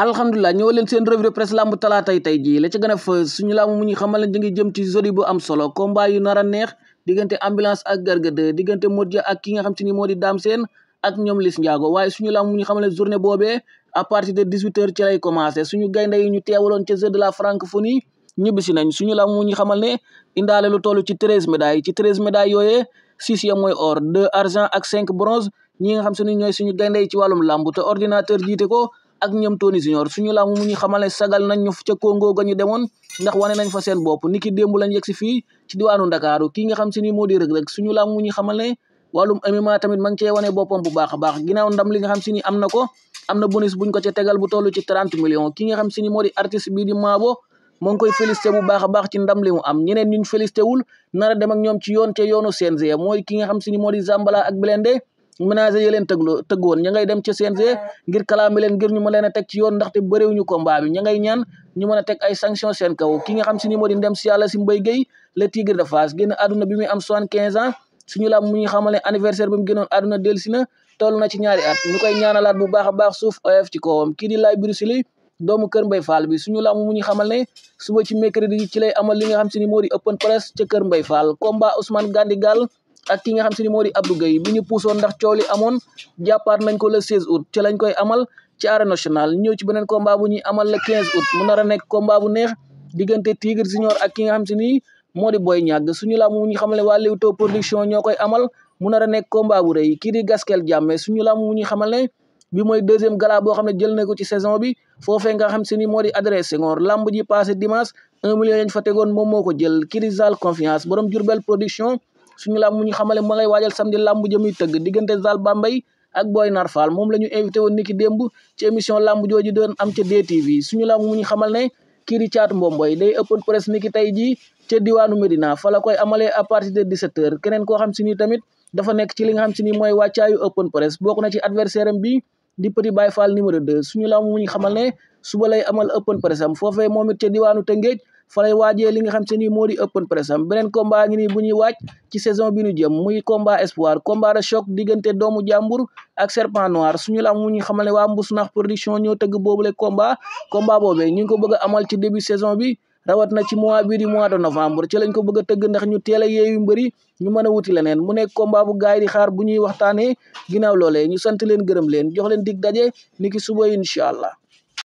alhamdulilah ñëw leen seen revue de presse lamb talaatay tey jii la ca gën fës suñu lamb mu ñu xamal ne ngi ci jeudi bu am solo combat yu nar a neex diggante ambulance ak Garga 2 diggante Modou Dia ak ki nga xam te ni moo di Dame Sène ak ñoom Liss Ndiago waaye suñu lamb mu ñu xamal ne journée boobe à partir de 18 heures ci lay commencé suñu gaynde yi ñu teewaloon ca jeu de la francophonie ñibbisi nañ suñu lamb mu ñu xamal ne indaale lu toll ci treize médailles ci treize médailles yooyee six ya mooy or deux argent ak cinq bronze ñi nga xam se ni ñooy suñu gaynde yi ci wàllum lamb te ordinateur jiite ko ak ñoom Tony Junior suñu làmb mu ñu xamal sagal nañ ñu ca Congo ga ñu demoon ndax wane nañ fa seen bopp niki démb lañ yegg si fii ci diwaanu Ndakaaru kii nga xam si ni moo di Reug Reug suñu làmb mu ñu xamal ne wàllum MMA tamit ma ngi cee wane boppam bu baax a baax ginnaaw ndam li nga xam si ni am na ko am na bonus buñ ko ca tegal bu toll ci 30 millions ki nga xam si ni moo di artiste bii di Maabo moo ngi koy félicité bu baax a baax ci ndam li mu am ñeneen ñuñ félicité wul nar a ak ñoom ci yoon ce yoonu CNG mooy ki nga xam si ni moo di Zambala ak Blende ménage yi leen tëgloo tëggoon ña ngay dem ci CNG ah. ngir kalaame leen ngir ñu leen a teg ci yoon ndaxte bëréewuñu ñu bi ña ngay ñaan ñu mën a teg ay sanction seen kaw ki nga xam si ni moo di ndem si yàlla si Mbaye Guèye le tigre de Fass génn àdduna bi muy am soixante-quinze ans suñu làmb mu ñu xamal ne anniversaire bi mu génnoon àdduna delsi na toll na ci ñaari at ñu koy ñaanalaat bu baax a baax suuf oyof ci kawam kii di laay birusili doomu kër Mbay faal bi suñu làmb mu ñu xamal ne suba ci mercredi ci lay amal li nga xam si ni moo di open press ca kër Mbay Fall combat Ousmane ak ki nga xam se ni moo di Abdou Gueye bi ñu puusoon ndax coow li amoon jàppaat nañ ko le 16 août ci lañ koy amal ci arène nationale ñëw ci beneen combat bu ñuy amal le 15 août mu nar a nekk combat bu neex diggante Tigre Junior ak ki nga xam se ni moo di Boy Niang suñu làmb mu ñu xamal ne waa Leewtoo production ñoo koy amal mu nar a nekk combat bu rëy kii di Gaskel Jàmme suñu làmb mu ñu xamal ne bi mooy deuxième gala boo xam ne jël na ko ci saison bi foofee nga xam se ni moo di adresse Senghor làmb ji passé dimanche tegoon moom moo ko jël kii di Zal confiance borom Jurbel suñu làmb mu ñu xamale ma ngay waajal samedi làmb jëmuy tëgg diggante Zal Bambay ak Boy Nar Fall moom la ñu invité woon niki démb ci émission làmb jooju doon am ca DTV suñu làmb mu ñu xamal ne kii di Caatu Mbomboy day open press niki tey jii ca diwaanu Médina fa la koy amalee à partir de 17h keneen koo xam si ni tamit dafa nekk ci li nga xam si ni mooy wàccaayu open press bokk na ci adversaire am bi di Petit Baye Fall numéro 2 suñu làmb mu ñu xamal ne suba lay amal open press am foofee moom it ca diwaanu Tëngéej fa lay waajee li nga xam se ni moo di open press am beneen combat ngi bu ñuy waaj ci saison bi ñu jëm muy combat espoir combat de choc diggante doomu jàmbur ak serpent noir suñu la mu ñu xamal waa Mbousnakh production ñoo tëgg boobule combat combat boobee ñu ngi ko bëgg amal ci début saison bi rawat na ci mois bii di mois de novembre ci lañ ko bëgg a tëgg ndax ñu teel a yeeyu mbëri ñu mën a wuti leneen mu nekk combat bu gaay di xaar bu ñuy waxtaanee ginnaaw loolee ñu sant leen gërëm leen jox leen dig daje niki suba incha allah.